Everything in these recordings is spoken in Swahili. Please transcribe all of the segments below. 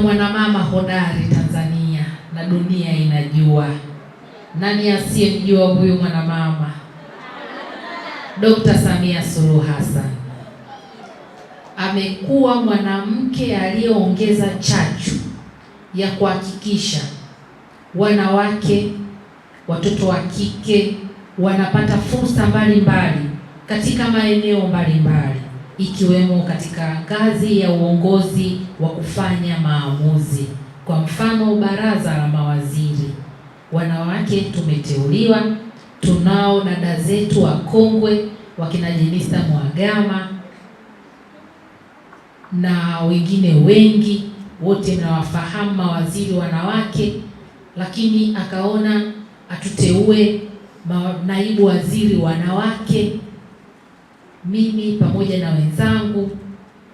mwanamama hodari Tanzania na dunia inajua. Nani asiyemjua huyu mwanamama? Dr. Samia Suluhu Hassan amekuwa mwanamke aliyeongeza chachu ya kuhakikisha wanawake, watoto wa kike wanapata fursa mbalimbali katika maeneo mbalimbali ikiwemo katika ngazi ya uongozi wa kufanya maamuzi. Kwa mfano, baraza la mawaziri, wanawake tumeteuliwa. Tunao dada zetu wakongwe wakina Jenista Mhagama na wengine wengi, wote mnawafahamu mawaziri wanawake, lakini akaona atuteue naibu waziri wanawake mimi pamoja na wenzangu,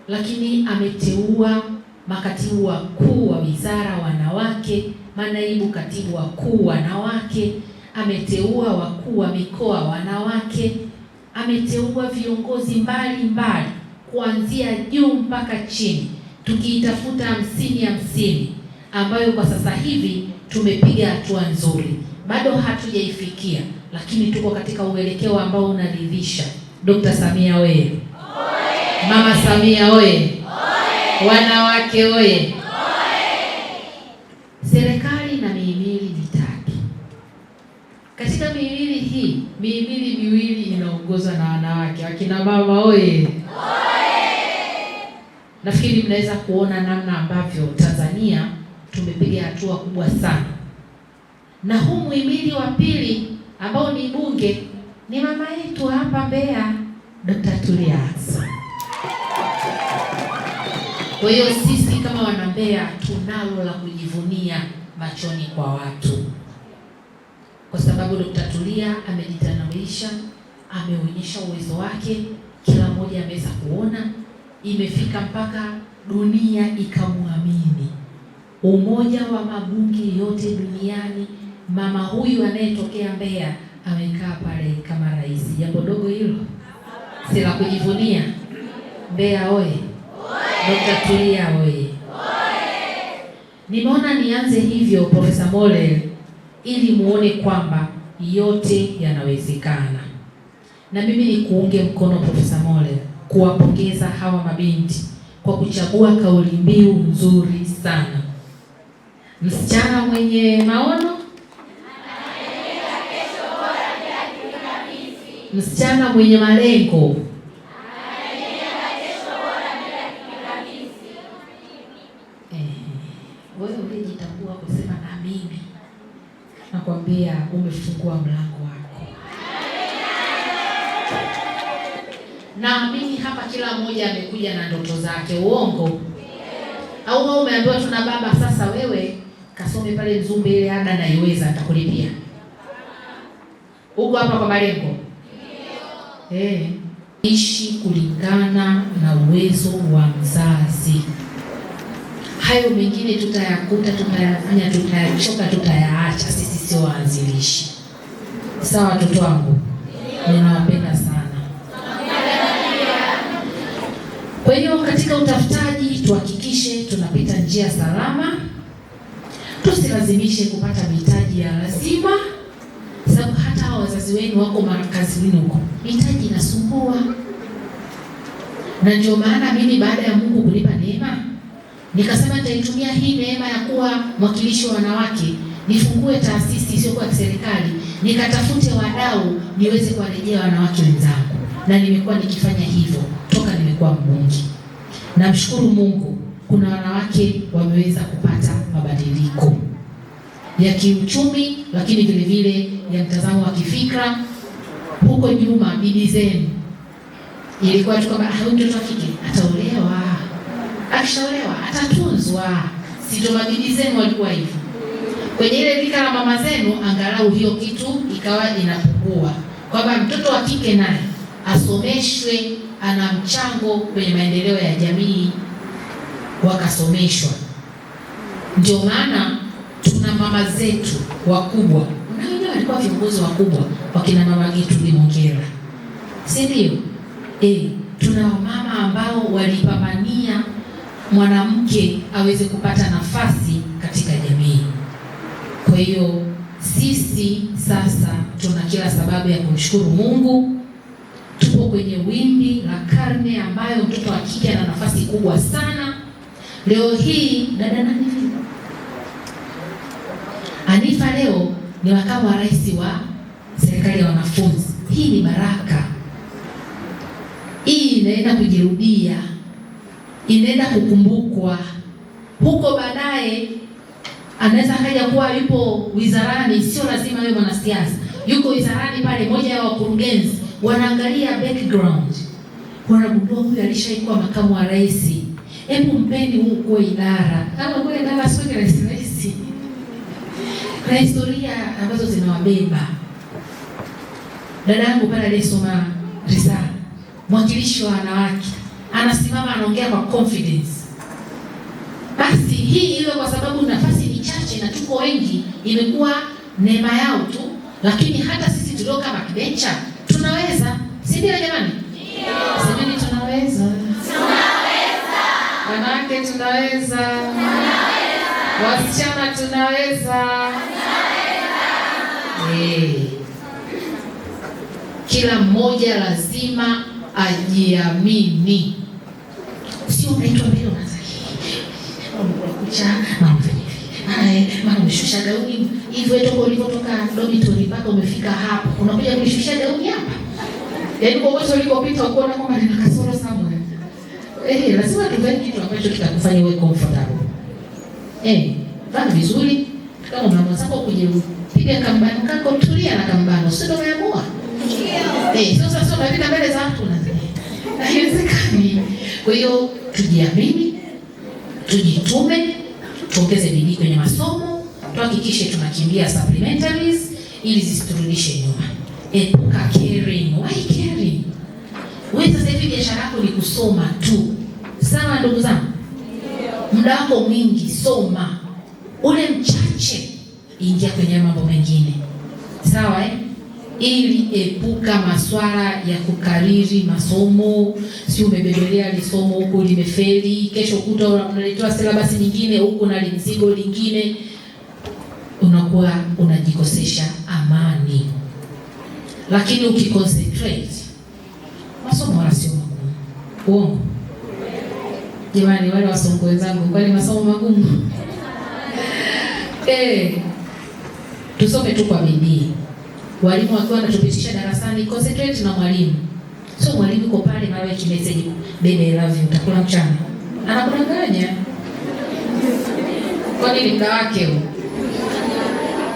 lakini ameteua makatibu wakuu wa wizara wanawake, manaibu katibu wakuu wanawake, ameteua wakuu wa mikoa wanawake, ameteua viongozi mbalimbali kuanzia juu mpaka chini, tukiitafuta hamsini hamsini ambayo kwa sasa hivi tumepiga hatua nzuri, bado hatujaifikia, lakini tuko katika uelekeo ambao unaridhisha. Dr. Samia oye! Mama Samia oye! Wanawake oye! Serikali na mihimili mitatu. Katika mihimili hii, mihimili miwili inaongozwa na wanawake, akina mama oye! Nafikiri mnaweza kuona namna ambavyo Tanzania tumepiga hatua kubwa sana, na huu muhimili wa pili ambao ni bunge ni mama yetu hapa Mbeya, Dr. Tulia Ackson. Kwa hiyo sisi kama wana Mbeya tunalo la kujivunia machoni kwa watu, kwa sababu Dr. Tulia amejitambulisha, ameonyesha uwezo wake, kila mmoja ameweza kuona, imefika mpaka dunia ikamwamini. Umoja wa mabunge yote duniani, mama huyu anayetokea Mbeya amekaa pale kama rais. Jambo dogo hilo, si la kujivunia. Mbeya oye! Dokta Tulia oye! Nimeona nianze hivyo, Profesa Mollel, ili muone kwamba yote yanawezekana, na mimi nikuunge mkono Profesa Mollel, kuwapongeza hawa mabinti kwa kuchagua kauli mbiu nzuri sana, msichana mwenye maono msichana mwenye malengo eh, wewe uliyejitambua kusema na mimi, nakwambia umefungua mlango wako. Naamini hapa kila mmoja amekuja na ndoto zake, uongo au yeah. umeambiwa tu na baba, sasa wewe kasome pale Mzumbe, ile ada naiweza atakulipia. Huko hapa kwa malengo Hey. Eh. ishi kulingana na uwezo wa mzazi. Hayo mengine tutayakuta, tutayafanya, tutayachoka, tutayaacha. Sisi sio waanzilishi. Sawa, watoto wangu, ninawapenda sana. Kwa hiyo katika utafutaji tuhakikishe tunapita njia salama, tusilazimishe kupata mitaji ya lazima wazazi wenu wako makazini huko, mitaji inasumbua. Na ndio maana mimi baada ya Mungu kunipa neema, nikasema nitaitumia hii neema ya kuwa mwakilishi wa wanawake, nifungue taasisi isiyokuwa ya serikali, nikatafute wadau, niweze kuwarejea wanawake wenzangu, na nimekuwa nikifanya hivyo toka nimekuwa mbunge. Namshukuru Mungu, kuna wanawake wameweza kupata mabadiliko ya kiuchumi, lakini vile vile ya mtazamo wa kifikra. Huko nyuma bibi zenu ilikuwa tu kwamba mtoto wa kike ataolewa, akishaolewa atatunzwa. ndio? bibi zenu walikuwa hivyo, kwenye ile lika la mama zenu, angalau hiyo kitu ikawa inapungua, kwamba mtoto wa kike naye asomeshwe, ana mchango kwenye maendeleo ya jamii, wakasomeshwa. Ndio maana tuna mama zetu wakubwa, wengine walikuwa viongozi wakubwa, wakina mama Githuji Mongera, si ndio? Eh, tuna mama ambao walipambania mwanamke aweze kupata nafasi katika jamii. Kwa hiyo sisi sasa tuna kila sababu ya kumshukuru Mungu. Tupo kwenye wimbi la karne ambayo mtoto wa kike ana nafasi kubwa sana. Leo hii dada nani Hanifa leo ni makamu wa rais wa serikali ya wanafunzi. Hii ni baraka, hii inaenda kujirudia, inaenda kukumbukwa huko baadaye. Anaweza akaja kuwa yupo wizarani, sio lazima wewe mwanasiasa, yuko wizarani pale, moja ya wakurugenzi wanaangalia background, wanagundua huyu alishaikuwa makamu wa rais. Hebu mpeni huko idara, kama kule idara sio rais na historia ambazo zinawabeba. Dada yangu pale aliyesoma risala, mwakilishi wa wanawake, anasimama anaongea kwa confidence. Basi hii iwe kwa sababu nafasi ni chache na tuko wengi, imekuwa neema yao tu, lakini hata sisi tulio makibencha tunaweza, si ndio jamani? Semeni tunaweza, tunaweza. Wanawake tunaweza, tunaweza. Wasichana tunaweza hey. Kila mmoja lazima ajiamini, sio unaitwa mbele unakucha mara umeshusha gauni hivyo, toka ulivyotoka dormitory mpaka umefika hapa, unakuja kunishusha gauni hapa, yaani popote ulipopita ukuona kwamba nina kasoro sana. Eh, lazima tuvae kitu ambacho kitakufanya wewe comfortable. Eh, vaa vizuri, kama mama zako kujeruhi piga kambano kako, tulia na kambano, sio ndio? Umeamua eh, sio sasa, ndio vita mbele za watu na haiwezekani. Kwa hiyo tujiamini, tujitume, tuongeze bidii kwenye masomo, tuhakikishe tunakimbia supplementaries ili zisiturudishe nyuma. Epuka caring. Why caring? Wewe sasa hivi biashara yako ni kusoma tu, sawa ndugu zangu? Muda wako mwingi soma, ule mchache ingia kwenye mambo mengine sawa, eh? ili epuka maswala ya kukariri masomo, si umebebelea lisomo huku limefeli, kesho kuta unaletewa silabasi nyingine huku na mzigo lingine, unakuwa unajikosesha amani. Lakini ukiconcentrate masomo wala sio magumu, uongo jamani, wale wasongo wenzangu, kwani masomo magumu eh? tusome tu kwa bidii. Walimu wakiwa wanatupitisha darasani, concentrate na mwalimu, so mwalimu yuko pale nawe kimeseji baby I love you, utakula mchana, anakudanganya. Kwa nini muda wake huo?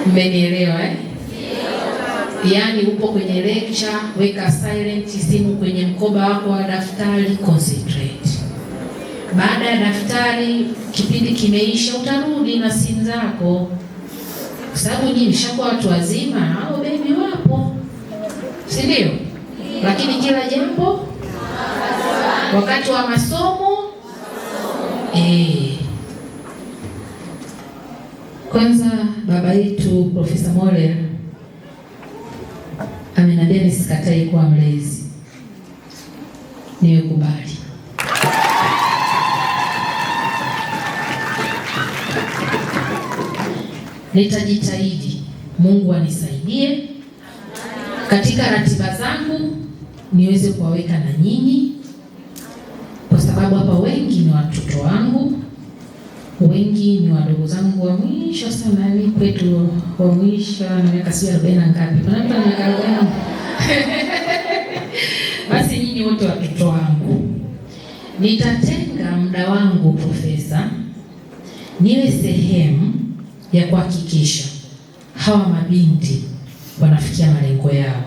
Mmenielewa eh? Yaani upo kwenye lecture, weka silent, simu kwenye mkoba wako wa daftari, concentrate. Baada ya daftari, kipindi kimeisha, utarudi na simu zako sababu nyinyi mshakuwa watu wazima, hao bebi wapo, si ndio? Lakini kila jambo wakati wa masomo eh. Kwanza baba yetu Profesa mole ameniambia nisikatae kuwa mlezi, niwe kubali Nitajitahidi Mungu anisaidie katika ratiba zangu niweze kuwaweka na nyinyi, kwa sababu hapa wengi ni watoto wangu, wengi ni wadogo zangu wa mwisho sana. Ni kwetu wa mwisho na miaka si arobaini na ngapi, kuna mtu ana miaka arobaini basi nyinyi wote watoto wangu, nitatenga muda wangu, Profesa, niwe sehemu ya kuhakikisha hawa mabinti wanafikia malengo yao.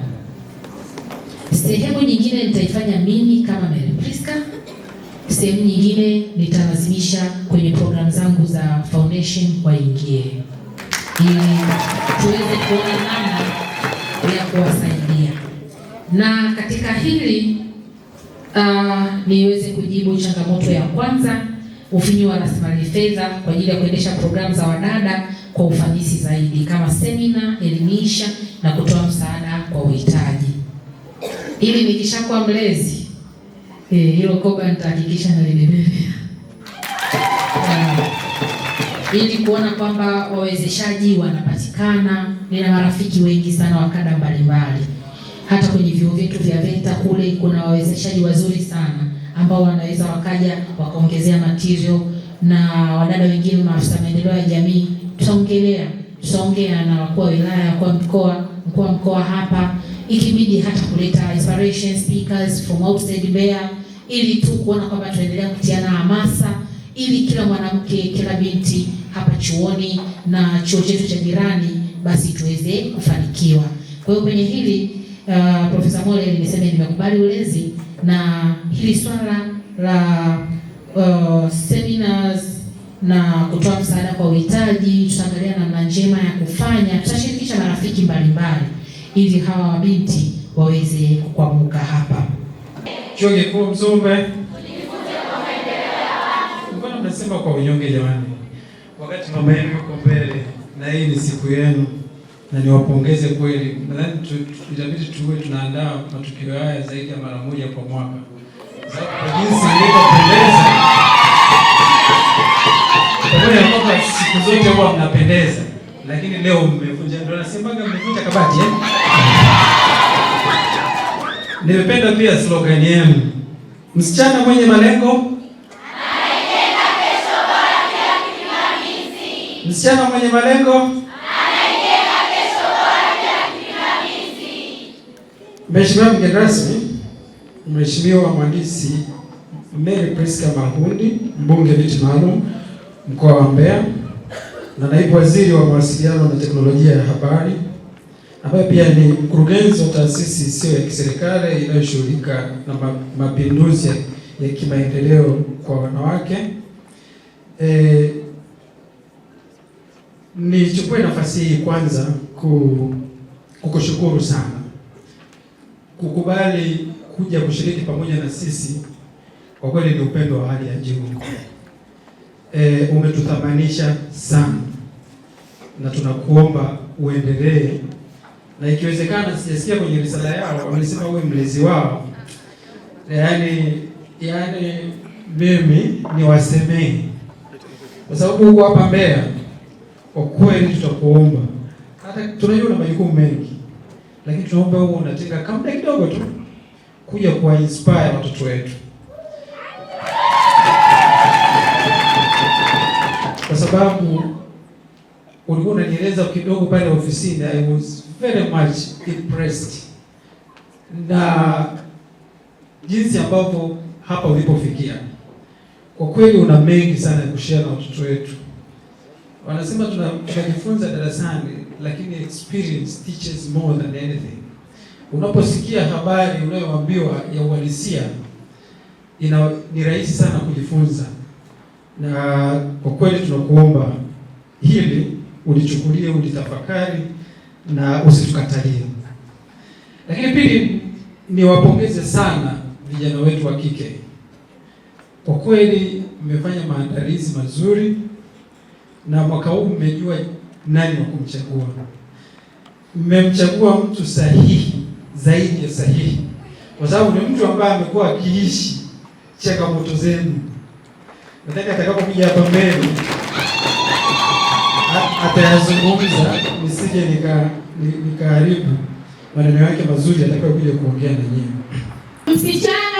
Sehemu nyingine nitaifanya mimi kama Mary Priska, sehemu nyingine nitalazimisha kwenye programu zangu za foundation waingie, ili tuweze kuona namna ya kuwasaidia. Na katika hili uh, niweze kujibu changamoto ya kwanza ufinyu wa rasilimali fedha kwa ajili ya kuendesha programu za wadada kwa ufanisi zaidi kama semina, elimisha na kutoa msaada kwa uhitaji. Ili nikishakuwa mlezi eh, hilo koga nitahakikisha nalibebea ah, ili kuona kwamba wawezeshaji wanapatikana. Nina marafiki wengi sana wa kada mbalimbali, hata kwenye vyuo vyetu vya VETA kule kuna wawezeshaji wazuri sana ambao wanaweza wakaja wakaongezea material na wadada wengine, maafisa maendeleo ya jamii, tutaongelea tutaongea na wakuu wa wilaya, wakuu wa mkoa, mkuu wa mkoa hapa, ikibidi hata kuleta inspiration speakers from outside Mbeya, ili tu kuona kwamba tunaendelea kutiana hamasa ili kila mwanamke, kila binti hapa chuoni na chuo chetu cha jirani basi tuweze kufanikiwa. Kwa hiyo kwenye hili uh, Profesa Mole nimesema nimekubali ulezi na hili swala la uh, seminars na kutoa msaada kwa uhitaji, tutaangalia namna njema ya kufanya. Tutashirikisha marafiki mbalimbali ili hawa wabinti waweze kukwamuka hapa. Chuo Kikuu Mzumbe, mbona mnasema kwa unyonge jamani, wakati mama yenu yuko mbele na hii ni siku yenu na niwapongeze kweli. Nadhani itabidi tuwe tunaandaa matukio haya zaidi ya mara moja kwa mwaka kwa jinsi ilivyopendeza, pamoja na kwamba siku zote huwa mnapendeza, lakini leo mmevunja, ndio nasemaga mmevunja kabati eh? Nimependa pia slogan yenu, msichana mwenye malengo msichana mwenye malengo Mheshimiwa mgeni rasmi, Mheshimiwa Mhandisi Mary Priska Mahundi, mbunge viti maalum mkoa wa Mbeya na naibu waziri wa mawasiliano na teknolojia ya habari, ambaye pia ni mkurugenzi wa taasisi isiyo ya kiserikali inayoshughulika na mapinduzi ya kimaendeleo kwa wanawake. E, nichukue nafasi hii kwanza kukushukuru sana kukubali kuja kushiriki pamoja na sisi, kwa kweli ni upendo wa hali ya juu. E, umetutamanisha sana na tunakuomba uendelee, na ikiwezekana, sijasikia kwenye risala yao walisema uwe mlezi wao, yaani yaani mimi ni wasemei kwa sababu huko hapa Mbeya, kwa kweli tutakuomba, hata tunajua na majukumu mengi lakini tunaomba wewe unatenga kamda kidogo tu kuja kuwa inspire watoto wetu, kwa sababu ulikuwa unanieleza kidogo pale ofisini. I was very much impressed na jinsi ambavyo hapa ulipofikia. Kwa kweli una mengi sana ya kushare na watoto wetu. Wanasema tunajifunza darasani lakini experience teaches more than anything. Unaposikia habari unayoambiwa ya uhalisia ina, ni rahisi sana kujifunza, na kwa kweli tunakuomba hili ulichukulie, ulitafakari na usitukatalie. Lakini pili, niwapongeze sana vijana wetu wa kike, kwa kweli mmefanya maandalizi mazuri na mwaka huu mmejua nani wa kumchagua. Mmemchagua mtu sahihi zaidi ya sahihi, kwa sababu ni mtu ambaye amekuwa akiishi changamoto zenu. Nadhani atakapokuja hapa mbele atayazungumza, nisije nika maneno yake mazuri atakayokuja kuongea na nyinyi. Msichana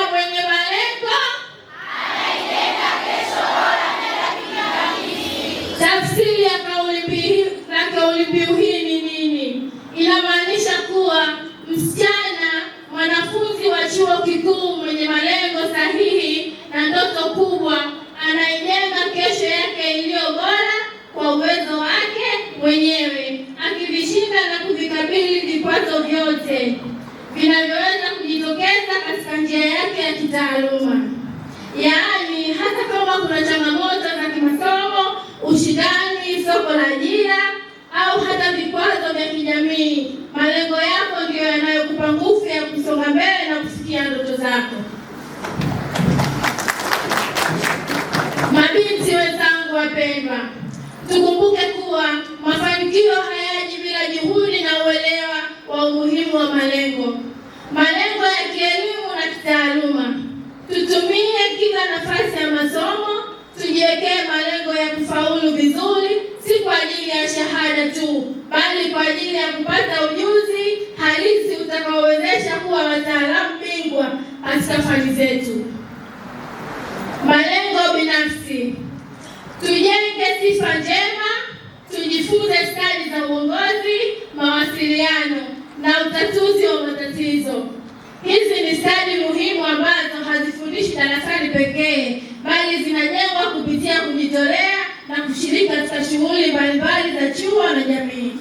Waasisi wenzangu wapendwa, tukumbuke kuwa mafanikio hayaji bila juhudi na uelewa wa umuhimu wa malengo, malengo ya kielimu na kitaaluma. Tutumie kila nafasi ya masomo, tujiwekee malengo ya kufaulu vizuri, si kwa ajili ya shahada tu, bali kwa ajili ya kupata ujuzi halisi utakaowezesha kuwa wataalamu bingwa katika fani zetu. Malengo binafsi Tujenge sifa njema, tujifunze stadi za uongozi, mawasiliano na utatuzi wa matatizo. Hizi ni stadi muhimu ambazo hazifundishi darasani pekee, bali zinajengwa kupitia kujitolea na kushiriki katika shughuli mbalimbali za chuo na jamii.